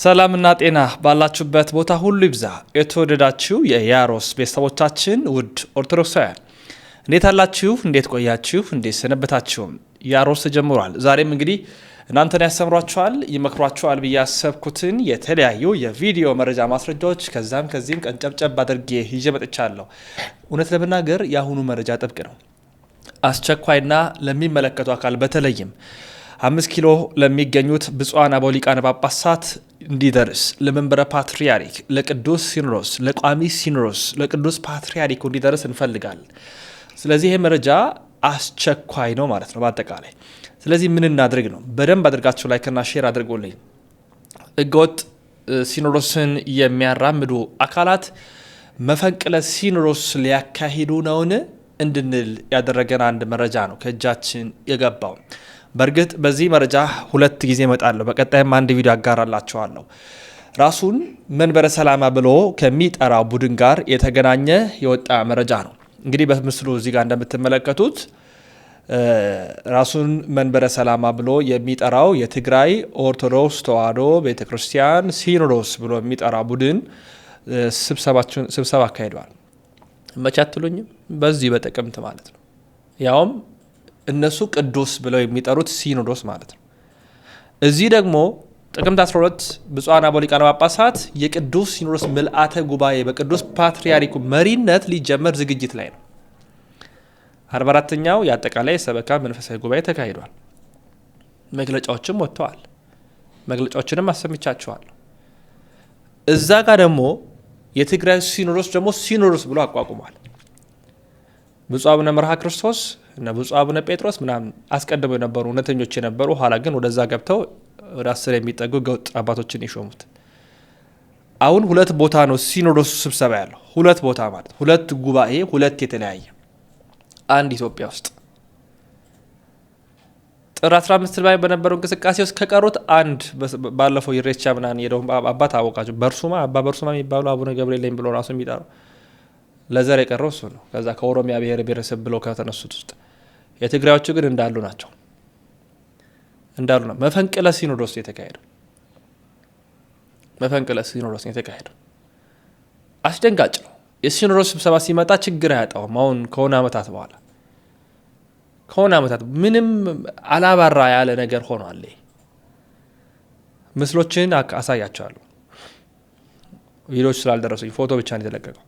ሰላምና ጤና ባላችሁበት ቦታ ሁሉ ይብዛ። የተወደዳችሁ የያሮስ ቤተሰቦቻችን ውድ ኦርቶዶክሳውያን እንዴት አላችሁ? እንዴት ቆያችሁ? እንዴት ሰነበታችሁም? ያሮስ ተጀምሯል። ዛሬም እንግዲህ እናንተን ያስተምሯችኋል፣ ይመክሯችኋል ብዬ ያሰብኩትን የተለያዩ የቪዲዮ መረጃ ማስረጃዎች ከዛም ከዚህም ቀንጨብጨብ አድርጌ ይዤ መጥቻለሁ። እውነት ለመናገር የአሁኑ መረጃ ጥብቅ ነው፣ አስቸኳይና ለሚመለከቱ አካል በተለይም አምስት ኪሎ ለሚገኙት ብፁዓን አበው ሊቃነ ጳጳሳት እንዲደርስ ለመንበረ ፓትርያርክ፣ ለቅዱስ ሲኖዶስ፣ ለቋሚ ሲኖዶስ፣ ለቅዱስ ፓትርያርኩ እንዲደርስ እንፈልጋል። ስለዚህ ይሄ መረጃ አስቸኳይ ነው ማለት ነው በአጠቃላይ። ስለዚህ ምን እናድርግ ነው? በደንብ አድርጋችሁ ላይክና ሼር አድርጎልኝ። ህገወጥ ሲኖዶስን የሚያራምዱ አካላት መፈንቅለ ሲኖዶስ ሊያካሂዱ ነውን እንድንል ያደረገን አንድ መረጃ ነው ከእጃችን የገባው። በእርግጥ በዚህ መረጃ ሁለት ጊዜ እመጣለሁ። በቀጣይም አንድ ቪዲዮ አጋራላችኋለሁ። ራሱን መንበረ ሰላማ ብሎ ከሚጠራው ቡድን ጋር የተገናኘ የወጣ መረጃ ነው። እንግዲህ በምስሉ እዚህ ጋር እንደምትመለከቱት ራሱን መንበረ ሰላማ ብሎ የሚጠራው የትግራይ ኦርቶዶክስ ተዋሕዶ ቤተ ክርስቲያን ሲኖዶስ ብሎ የሚጠራ ቡድን ስብሰባ አካሂደዋል። መቼ አትሉኝም? በዚህ በጥቅምት ማለት ነው ያውም እነሱ ቅዱስ ብለው የሚጠሩት ሲኖዶስ ማለት ነው። እዚህ ደግሞ ጥቅምት 12 ብፁዓን አበው ሊቃነ ጳጳሳት የቅዱስ ሲኖዶስ ምልአተ ጉባኤ በቅዱስ ፓትርያርኩ መሪነት ሊጀመር ዝግጅት ላይ ነው። 44ተኛው የአጠቃላይ ሰበካ መንፈሳዊ ጉባኤ ተካሂዷል። መግለጫዎችም ወጥተዋል። መግለጫዎችንም አሰምቻችኋለሁ። እዛ ጋር ደግሞ የትግራይ ሲኖዶስ ደግሞ ሲኖዶስ ብሎ አቋቁሟል። ብፁዕ አቡነ መርሃ ክርስቶስ እነ ብፁዕ አቡነ ጴጥሮስ ምናምን አስቀድመው የነበሩ እውነተኞች የነበሩ ኋላ ግን ወደዛ ገብተው ወደ አስር የሚጠጉ ገውጥ አባቶችን የሾሙት አሁን ሁለት ቦታ ነው ሲኖዶሱ ስብሰባ ያለው። ሁለት ቦታ ማለት ሁለት ጉባኤ፣ ሁለት የተለያየ አንድ ኢትዮጵያ ውስጥ ጥር 15 ላይ በነበረው እንቅስቃሴ ውስጥ ከቀሩት አንድ ባለፈው ይሬቻ ምናን የደው አባት አወቃቸው በርሱማ አባ በርሱማ የሚባሉ አቡነ ገብርኤል ላይም ብሎ ራሱ የሚጠራው ለዘር የቀረው እሱ ነው። ከዛ ከኦሮሚያ ብሔር ብሔረሰብ ብለው ከተነሱት ውስጥ የትግራዮቹ ግን እንዳሉ ናቸው እንዳሉ ነው። መፈንቅለ ሲኖዶስ የተካሄደ መፈንቅለ ሲኖዶስ የተካሄደ አስደንጋጭ ነው። የሲኖዶስ ስብሰባ ሲመጣ ችግር አያጣውም። አሁን ከሆነ ዓመታት በኋላ ከሆነ ዓመታት ምንም አላባራ ያለ ነገር ሆኗል። ምስሎችን አሳያቸዋለሁ። ቪዲዮች ስላልደረሱኝ ፎቶ ብቻ ነው የተለቀቀው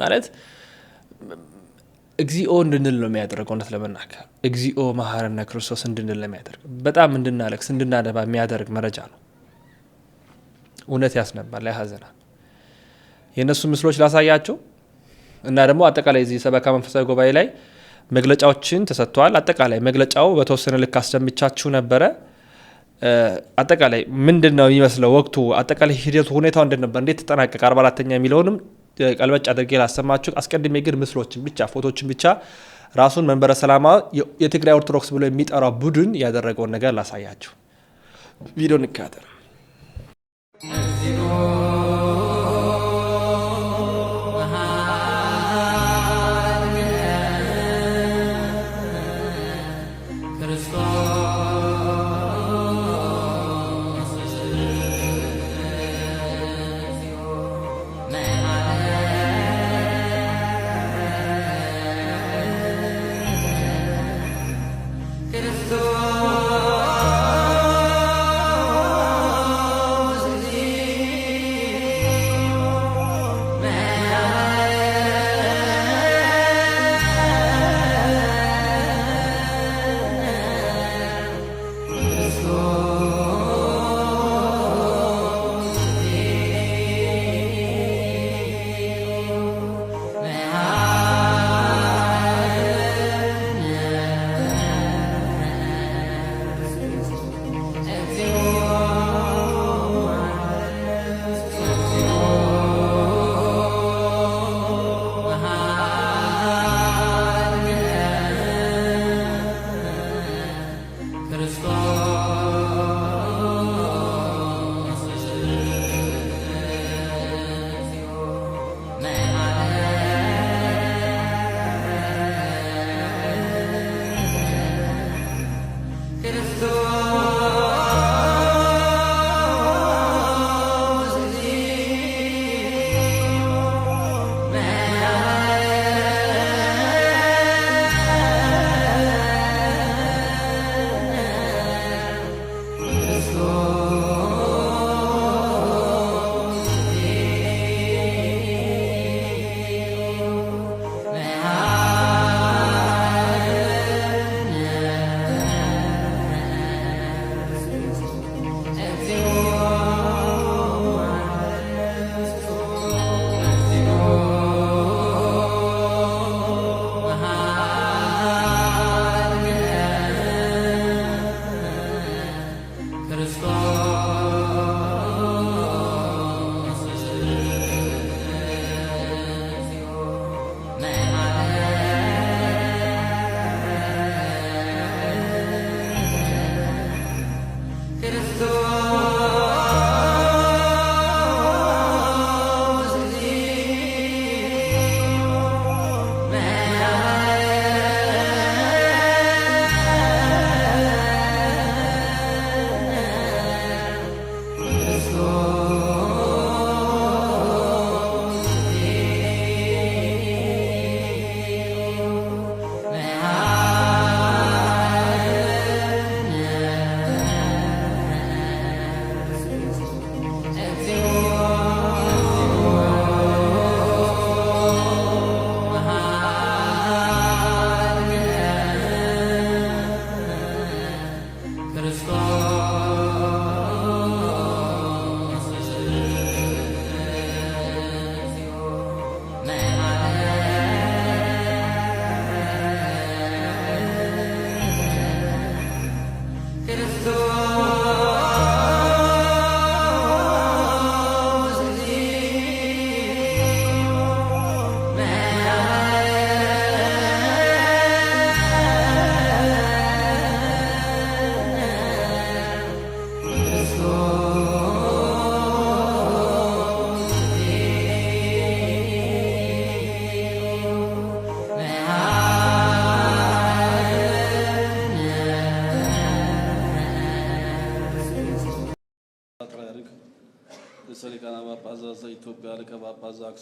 ማለት እግዚኦ እንድንል ነው የሚያደርገው። እውነት ለመናገር እግዚኦ መሐረነ ክርስቶስ እንድንል ነው የሚያደርገው። በጣም እንድናለቅስ እንድናደባ የሚያደርግ መረጃ ነው። እውነት ያስነባል፣ ያሳዝናል። የእነሱ ምስሎች ላሳያቸው እና ደግሞ አጠቃላይ እዚህ ሰበካ መንፈሳዊ ጉባኤ ላይ መግለጫዎችን ተሰጥተዋል። አጠቃላይ መግለጫው በተወሰነ ልክ አስደምቻችሁ ነበረ። አጠቃላይ ምንድን ነው የሚመስለው ወቅቱ፣ አጠቃላይ ሂደቱ፣ ሁኔታው እንደነበር እንዴት ተጠናቀቀ፣ አርባ አራተኛ የሚለውንም ቀልበጭ አድርጌ ላሰማችሁ። አስቀድሜ ግን ምስሎችን ብቻ ፎቶችን ብቻ ራሱን መንበረ ሰላማ የትግራይ ኦርቶዶክስ ብሎ የሚጠራው ቡድን ያደረገውን ነገር ላሳያችሁ። ቪዲዮ እንካተል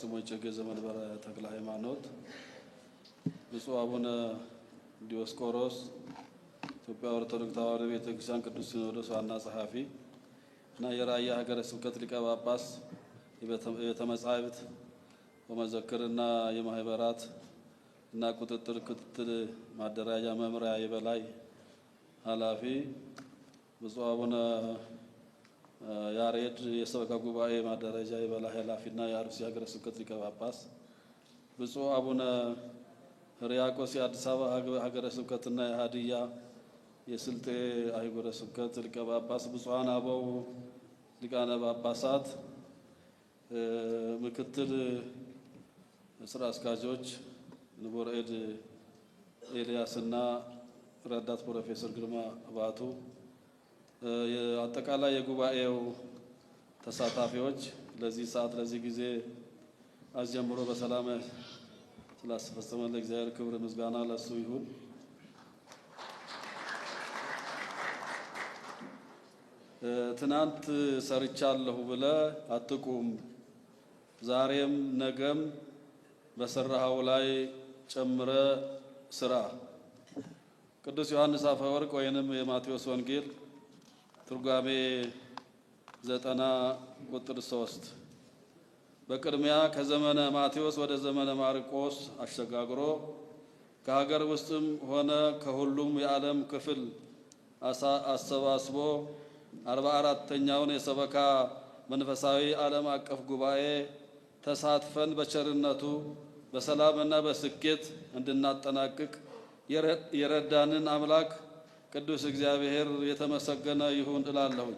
አክሱም ወእጨጌ ዘመንበረ ተክለ ሃይማኖት ብፁዕ አቡነ ዲዮስቆሮስ ኢትዮጵያ ኦርቶዶክስ ተዋሕዶ ቤተክርስቲያን ቅዱስ ሲኖዶስ ዋና ጸሐፊ እና የራያ ሀገረ ስብከት ሊቀ ጳጳስ የቤተ መጻሕፍት በመዘክርና የማህበራት እና ቁጥጥር ክትትል ማደራጃ መምሪያ የበላይ ኃላፊ ብፁዕ አቡነ ያሬድ የሰበካ ጉባኤ ማደረጃ የበላይ ኃላፊና የአርሲ ሀገረ ስብከት ሊቀ ጳጳስ፣ ብፁዕ አቡነ ሕርያቆስ የአዲስ አበባ ሀገረ ስብከትና የሀዲያ የስልጤ አህጉረ ስብከት ሊቀ ጳጳስ፣ ብፁዓን አበው ሊቃነ ጳጳሳት፣ ምክትል ስራ አስኪያጆች ንቦርኤድ ኤልያስና ረዳት ፕሮፌሰር ግርማ ባቱ አጠቃላይ የጉባኤው ተሳታፊዎች ለዚህ ሰዓት ለዚህ ጊዜ አስጀምሮ በሰላም ስላስፈጸመ ለእግዚአብሔር ክብር ምስጋና ለሱ ይሁን። ትናንት ሰርቻለሁ ብለ አትቁም። ዛሬም ነገም በሰራሃው ላይ ጨምረ ስራ። ቅዱስ ዮሐንስ አፈወርቅ ወይንም የማቴዎስ ወንጌል ትርጓሜ ዘጠና ቁጥር ሶስት በቅድሚያ ከዘመነ ማቴዎስ ወደ ዘመነ ማርቆስ አሸጋግሮ ከሀገር ውስጥም ሆነ ከሁሉም የዓለም ክፍል አሰባስቦ አርባ አራተኛውን የሰበካ መንፈሳዊ ዓለም አቀፍ ጉባኤ ተሳትፈን በቸርነቱ በሰላምና በስኬት እንድናጠናቅቅ የረዳንን አምላክ ቅዱስ እግዚአብሔር የተመሰገነ ይሁን እላለሁኝ።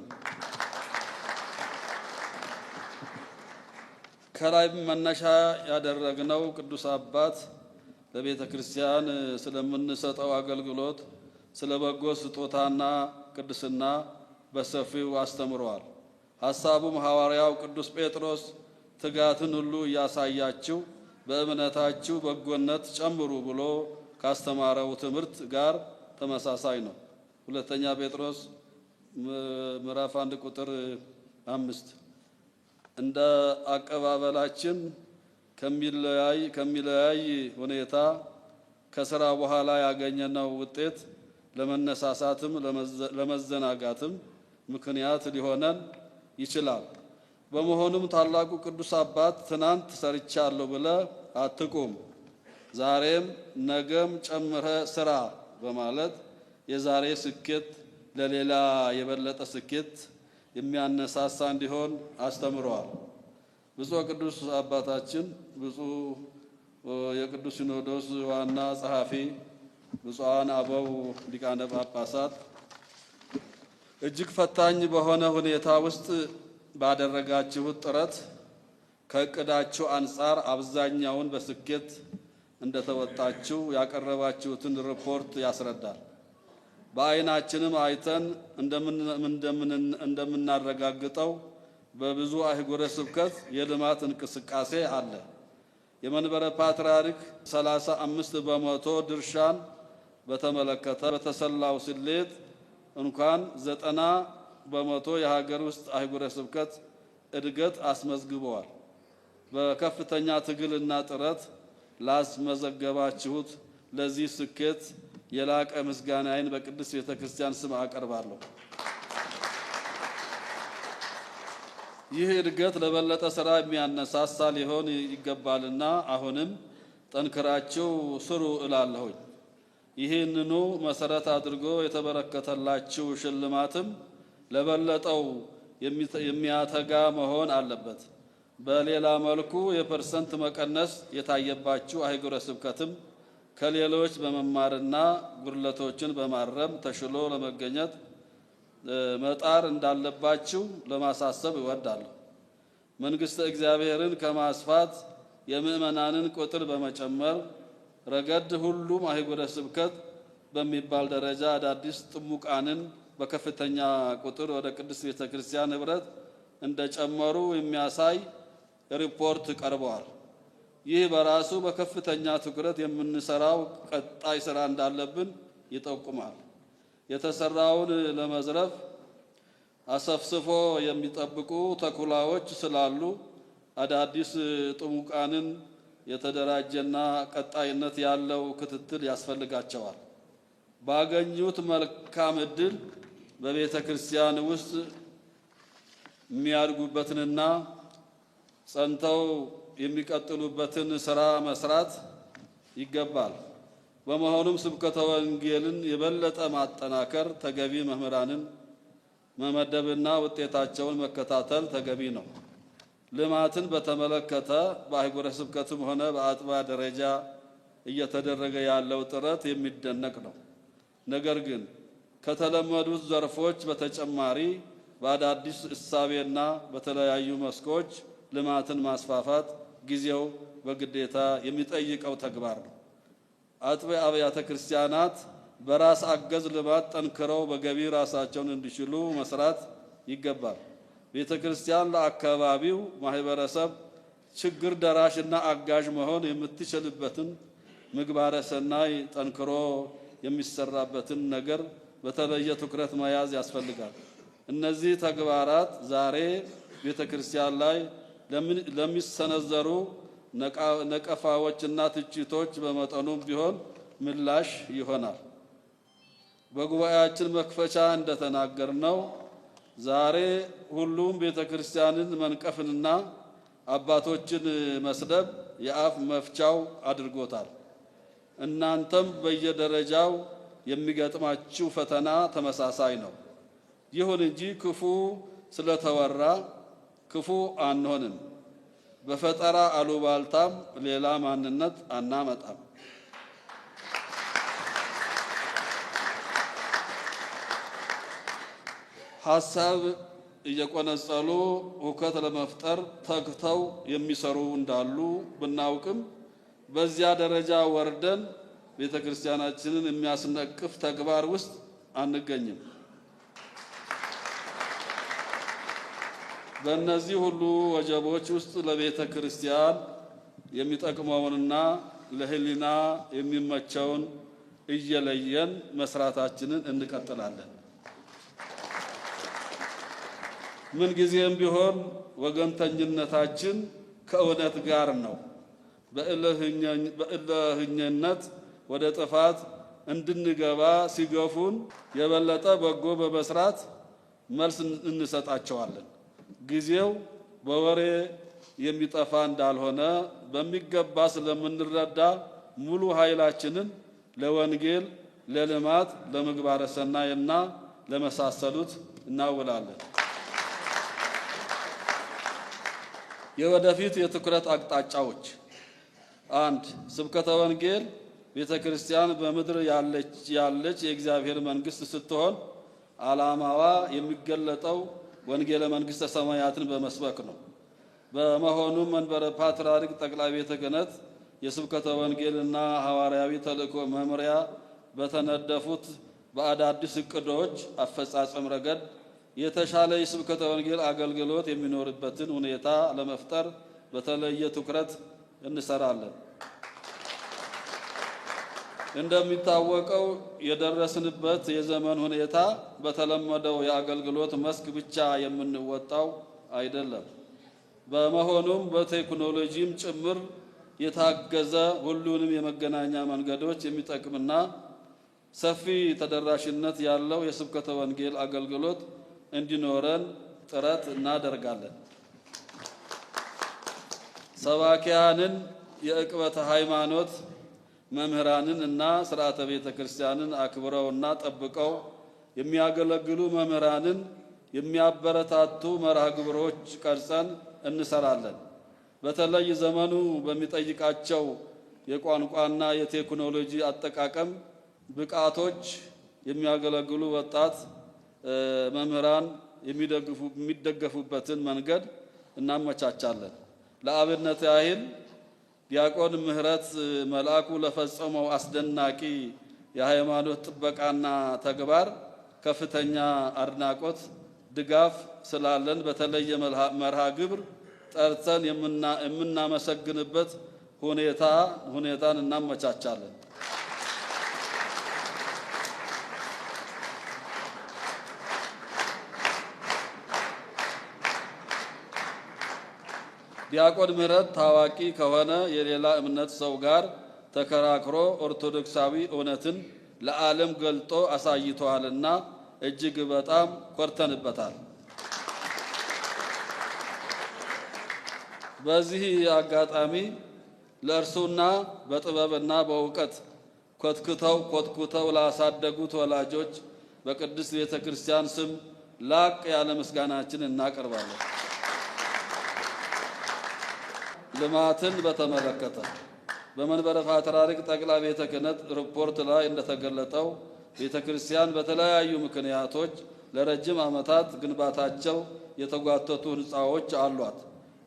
ከላይ መነሻ ያደረግነው ቅዱስ አባት ለቤተ ክርስቲያን ስለምንሰጠው አገልግሎት ስለ በጎ ስጦታና ቅድስና በሰፊው አስተምረዋል። ሐሳቡም ሐዋርያው ቅዱስ ጴጥሮስ ትጋትን ሁሉ እያሳያችሁ በእምነታችሁ በጎነት ጨምሩ ብሎ ካስተማረው ትምህርት ጋር ተመሳሳይ ነው። ሁለተኛ ጴጥሮስ ምዕራፍ አንድ ቁጥር አምስት እንደ አቀባበላችን ከሚለያይ ከሚለያይ ሁኔታ ከስራ በኋላ ያገኘነው ውጤት ለመነሳሳትም ለመዘናጋትም ምክንያት ሊሆነን ይችላል። በመሆኑም ታላቁ ቅዱስ አባት ትናንት ሰርቻለሁ ብለ አትቁም፣ ዛሬም ነገም ጨምረ ስራ በማለት የዛሬ ስኬት ለሌላ የበለጠ ስኬት የሚያነሳሳ እንዲሆን አስተምረዋል። ብፁዕ ቅዱስ አባታችን፣ ብፁዕ የቅዱስ ሲኖዶስ ዋና ጸሐፊ፣ ብፁዓን አበው ሊቃነ ጳጳሳት እጅግ ፈታኝ በሆነ ሁኔታ ውስጥ ባደረጋችሁት ጥረት ከእቅዳችሁ አንጻር አብዛኛውን በስኬት እንደተወጣችሁ ያቀረባችሁትን ሪፖርት ያስረዳል። በአይናችንም አይተን እንደምናረጋግጠው በብዙ አህጉረ ስብከት የልማት እንቅስቃሴ አለ። የመንበረ ፓትርያርክ 35 በመቶ ድርሻን በተመለከተ በተሰላው ስሌት እንኳን ዘጠና በመቶ የሀገር ውስጥ አህጉረ ስብከት እድገት አስመዝግበዋል። በከፍተኛ ትግልና ጥረት ላስመዘገባችሁት ለዚህ ስኬት የላቀ ምስጋናዬን በቅዱስ ቤተ ክርስቲያን ስም አቀርባለሁ። ይህ እድገት ለበለጠ ስራ የሚያነሳሳ ሊሆን ይገባልና አሁንም ጠንክራችሁ ስሩ እላለሁኝ። ይህንኑ መሰረት አድርጎ የተበረከተላችሁ ሽልማትም ለበለጠው የሚያተጋ መሆን አለበት። በሌላ መልኩ የፐርሰንት መቀነስ የታየባቸው አህጉረ ስብከትም ከሌሎች በመማርና ጉድለቶችን በማረም ተሽሎ ለመገኘት መጣር እንዳለባችሁ ለማሳሰብ እወዳለሁ። መንግሥተ እግዚአብሔርን ከማስፋት የምእመናንን ቁጥር በመጨመር ረገድ ሁሉም አህጉረ ስብከት በሚባል ደረጃ አዳዲስ ጥሙቃንን በከፍተኛ ቁጥር ወደ ቅድስት ቤተ ክርስቲያን ኅብረት እንደጨመሩ የሚያሳይ ሪፖርት ቀርበዋል። ይህ በራሱ በከፍተኛ ትኩረት የምንሰራው ቀጣይ ስራ እንዳለብን ይጠቁማል። የተሰራውን ለመዝረፍ አሰፍስፎ የሚጠብቁ ተኩላዎች ስላሉ አዳዲስ ጥሙቃንን የተደራጀና ቀጣይነት ያለው ክትትል ያስፈልጋቸዋል። ባገኙት መልካም ዕድል በቤተ ክርስቲያን ውስጥ የሚያድጉበትንና ጸንተው የሚቀጥሉበትን ሥራ መስራት ይገባል። በመሆኑም ስብከተ ወንጌልን የበለጠ ማጠናከር፣ ተገቢ መምህራንን መመደብና ውጤታቸውን መከታተል ተገቢ ነው። ልማትን በተመለከተ በአህጉረ ስብከትም ሆነ በአጥቢያ ደረጃ እየተደረገ ያለው ጥረት የሚደነቅ ነው። ነገር ግን ከተለመዱት ዘርፎች በተጨማሪ በአዳዲስ እሳቤና በተለያዩ መስኮች ልማትን ማስፋፋት ጊዜው በግዴታ የሚጠይቀው ተግባር ነው። አጥቢያ አብያተ ክርስቲያናት በራስ አገዝ ልማት ጠንክረው በገቢ ራሳቸውን እንዲችሉ መስራት ይገባል። ቤተ ክርስቲያን ለአካባቢው ማህበረሰብ ችግር ደራሽ እና አጋዥ መሆን የምትችልበትን ምግባረ ሰናይ ጠንክሮ የሚሰራበትን ነገር በተለየ ትኩረት መያዝ ያስፈልጋል። እነዚህ ተግባራት ዛሬ ቤተ ክርስቲያን ላይ ለሚሰነዘሩ ነቀፋዎችና ትችቶች በመጠኑም ቢሆን ምላሽ ይሆናል። በጉባኤያችን መክፈቻ እንደተናገርነው ዛሬ ሁሉም ቤተ ክርስቲያንን መንቀፍንና አባቶችን መስደብ የአፍ መፍቻው አድርጎታል። እናንተም በየደረጃው የሚገጥማችሁ ፈተና ተመሳሳይ ነው። ይሁን እንጂ ክፉ ስለተወራ ክፉ አንሆንም። በፈጠራ አሉባልታም ሌላ ማንነት አናመጣም። ሀሳብ እየቆነጸሉ ሁከት ለመፍጠር ተግተው የሚሰሩ እንዳሉ ብናውቅም በዚያ ደረጃ ወርደን ቤተ ክርስቲያናችንን የሚያስነቅፍ ተግባር ውስጥ አንገኝም። በእነዚህ ሁሉ ወጀቦች ውስጥ ለቤተ ክርስቲያን የሚጠቅመውንና ለህሊና የሚመቸውን እየለየን መስራታችንን እንቀጥላለን። ምንጊዜም ቢሆን ወገንተኝነታችን ከእውነት ጋር ነው። በእልህኝነት ወደ ጥፋት እንድንገባ ሲገፉን የበለጠ በጎ በመስራት መልስ እንሰጣቸዋለን። ጊዜው በወሬ የሚጠፋ እንዳልሆነ በሚገባ ስለምንረዳ ሙሉ ኃይላችንን ለወንጌል፣ ለልማት፣ ለምግባረ ሰናይና ለመሳሰሉት እናውላለን። የወደፊት የትኩረት አቅጣጫዎች አንድ ስብከተ ወንጌል ቤተ ክርስቲያን በምድር ያለች ያለች የእግዚአብሔር መንግሥት ስትሆን ዓላማዋ የሚገለጠው ወንጌለ መንግስተ ሰማያትን በመስበክ ነው። በመሆኑም መንበረ ፓትርያርክ ጠቅላይ ቤተ ክህነት የስብከተ ወንጌልና ሐዋርያዊ ተልእኮ መምሪያ በተነደፉት በአዳዲስ እቅዶች አፈጻጸም ረገድ የተሻለ የስብከተ ወንጌል አገልግሎት የሚኖርበትን ሁኔታ ለመፍጠር በተለየ ትኩረት እንሰራለን። እንደሚታወቀው የደረስንበት የዘመን ሁኔታ በተለመደው የአገልግሎት መስክ ብቻ የምንወጣው አይደለም። በመሆኑም በቴክኖሎጂም ጭምር የታገዘ ሁሉንም የመገናኛ መንገዶች የሚጠቅምና ሰፊ ተደራሽነት ያለው የስብከተ ወንጌል አገልግሎት እንዲኖረን ጥረት እናደርጋለን። ሰባኪያንን የእቅበተ ሃይማኖት መምህራንን እና ስርዓተ ቤተ ክርስቲያንን አክብረውና ጠብቀው የሚያገለግሉ መምህራንን የሚያበረታቱ መርሃ ግብሮች ቀርጸን እንሰራለን። በተለይ ዘመኑ በሚጠይቃቸው የቋንቋና የቴክኖሎጂ አጠቃቀም ብቃቶች የሚያገለግሉ ወጣት መምህራን የሚደገፉበትን መንገድ እናመቻቻለን። ለአብነት ያህል ዲያቆን ምህረት መልአኩ ለፈጸመው አስደናቂ የሃይማኖት ጥበቃና ተግባር ከፍተኛ አድናቆት፣ ድጋፍ ስላለን በተለየ መርሃ ግብር ጠርተን የምናመሰግንበት ሁኔታ ሁኔታን እናመቻቻለን። ዲያቆን ምህረት ታዋቂ ከሆነ የሌላ እምነት ሰው ጋር ተከራክሮ ኦርቶዶክሳዊ እውነትን ለዓለም ገልጦ አሳይተዋልና እጅግ በጣም ኮርተንበታል። በዚህ አጋጣሚ ለእርሱና በጥበብና በእውቀት ኮትኩተው ኮትኩተው ላሳደጉት ወላጆች በቅድስት ቤተ ክርስቲያን ስም ላቅ ያለ ምስጋናችን እናቀርባለን። ልማትን በተመለከተ በመንበረ ፓትርያርክ ጠቅላይ ቤተ ክህነት ሪፖርት ላይ እንደተገለጠው ቤተ ክርስቲያን በተለያዩ ምክንያቶች ለረጅም ዓመታት ግንባታቸው የተጓተቱ ህንፃዎች አሏት።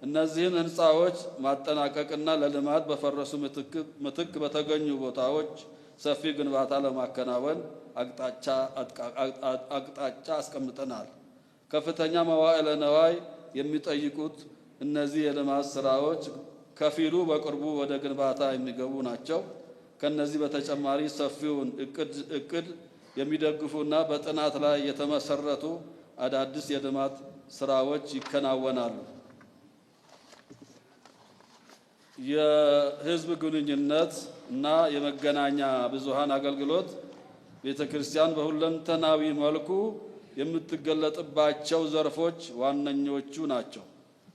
እነዚህን ህንፃዎች ማጠናቀቅና ለልማት በፈረሱ ምትክ በተገኙ ቦታዎች ሰፊ ግንባታ ለማከናወን አቅጣጫ አስቀምጠናል። ከፍተኛ መዋዕለ ነዋይ የሚጠይቁት እነዚህ የልማት ስራዎች ከፊሉ በቅርቡ ወደ ግንባታ የሚገቡ ናቸው። ከነዚህ በተጨማሪ ሰፊውን እቅድ እቅድ የሚደግፉና በጥናት ላይ የተመሰረቱ አዳዲስ የልማት ስራዎች ይከናወናሉ። የህዝብ ግንኙነት እና የመገናኛ ብዙሃን አገልግሎት ቤተ ክርስቲያን በሁለንተናዊ መልኩ የምትገለጥባቸው ዘርፎች ዋነኞቹ ናቸው።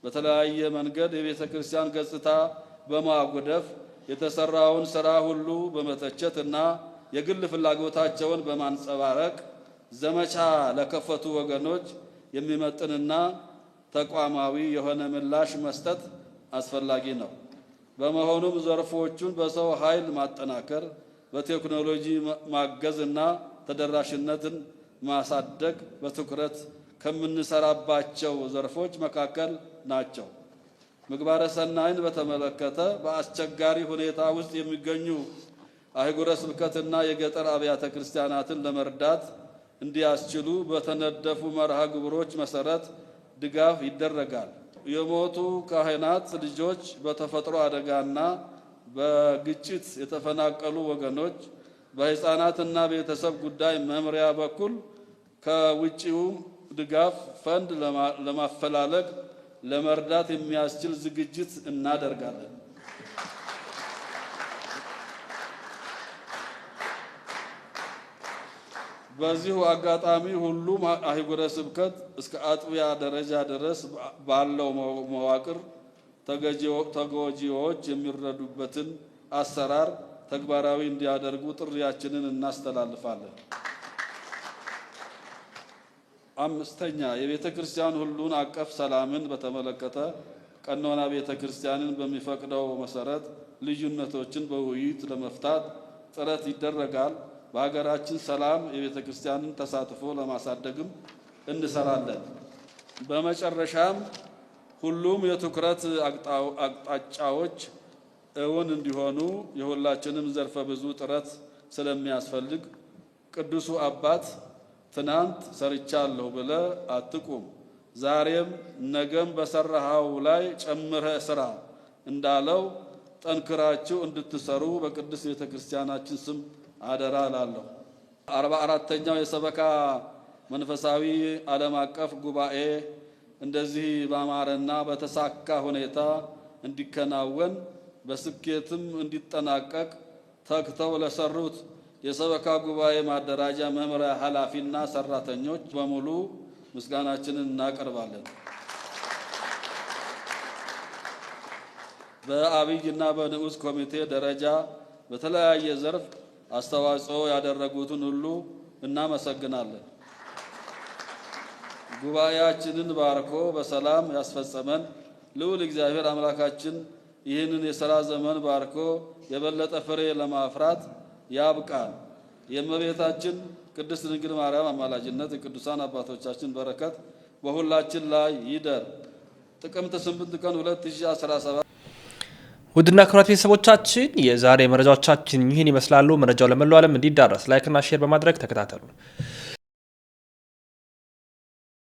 በተለያየ መንገድ የቤተ ክርስቲያን ገጽታ በማጉደፍ የተሰራውን ስራ ሁሉ በመተቸት እና የግል ፍላጎታቸውን በማንጸባረቅ ዘመቻ ለከፈቱ ወገኖች የሚመጥንና ተቋማዊ የሆነ ምላሽ መስጠት አስፈላጊ ነው። በመሆኑም ዘርፎቹን በሰው ኃይል ማጠናከር፣ በቴክኖሎጂ ማገዝ እና ተደራሽነትን ማሳደግ በትኩረት ከምንሰራባቸው ዘርፎች መካከል ናቸው። ምግባረ ሰናይን በተመለከተ በአስቸጋሪ ሁኔታ ውስጥ የሚገኙ አህጉረ ስብከትና የገጠር አብያተ ክርስቲያናትን ለመርዳት እንዲያስችሉ በተነደፉ መርሃ ግብሮች መሰረት ድጋፍ ይደረጋል። የሞቱ ካህናት ልጆች፣ በተፈጥሮ አደጋና በግጭት የተፈናቀሉ ወገኖች በሕፃናትና ቤተሰብ ጉዳይ መምሪያ በኩል ከውጭው ድጋፍ ፈንድ ለማፈላለግ ለመርዳት የሚያስችል ዝግጅት እናደርጋለን። በዚሁ አጋጣሚ ሁሉም አህጉረ ስብከት እስከ አጥቢያ ደረጃ ድረስ ባለው መዋቅር ተጎጂዎች የሚረዱበትን አሰራር ተግባራዊ እንዲያደርጉ ጥሪያችንን እናስተላልፋለን። አምስተኛ የቤተ ክርስቲያን ሁሉን አቀፍ ሰላምን በተመለከተ ቀኖና ቤተ ክርስቲያንን በሚፈቅደው መሰረት ልዩነቶችን በውይይት ለመፍታት ጥረት ይደረጋል። በሀገራችን ሰላም የቤተ ክርስቲያንን ተሳትፎ ለማሳደግም እንሰራለን። በመጨረሻም ሁሉም የትኩረት አቅጣጫዎች እውን እንዲሆኑ የሁላችንም ዘርፈ ብዙ ጥረት ስለሚያስፈልግ ቅዱሱ አባት ትናንት ሰርቻለሁ ብለ አትቁም። ዛሬም ነገም በሰራሃው ላይ ጨምረ ስራ እንዳለው ጠንክራችሁ እንድትሰሩ በቅዱስ ቤተ ክርስቲያናችን ስም አደራ እላለሁ። አርባ አራተኛው የሰበካ መንፈሳዊ ዓለም አቀፍ ጉባኤ እንደዚህ ባማረና በተሳካ ሁኔታ እንዲከናወን በስኬትም እንዲጠናቀቅ ተግተው ለሰሩት የሰበካ ጉባኤ ማደራጃ መምሪያ ኃላፊና ሰራተኞች በሙሉ ምስጋናችንን እናቀርባለን። በአብይና በንዑስ ኮሚቴ ደረጃ በተለያየ ዘርፍ አስተዋጽኦ ያደረጉትን ሁሉ እናመሰግናለን። ጉባኤያችንን ባርኮ በሰላም ያስፈጸመን ልዑል እግዚአብሔር አምላካችን ይህንን የሥራ ዘመን ባርኮ የበለጠ ፍሬ ለማፍራት ያብቃን። የእመቤታችን ቅድስት ድንግል ማርያም አማላጅነት የቅዱሳን አባቶቻችን በረከት በሁላችን ላይ ይደር። ጥቅምት 8 ቀን 2017 ውድና ክቡራት ቤተሰቦቻችን የዛሬ መረጃዎቻችን ይህን ይመስላሉ። መረጃው ለመላው ዓለም እንዲዳረስ ላይክና ሼር በማድረግ ተከታተሉ።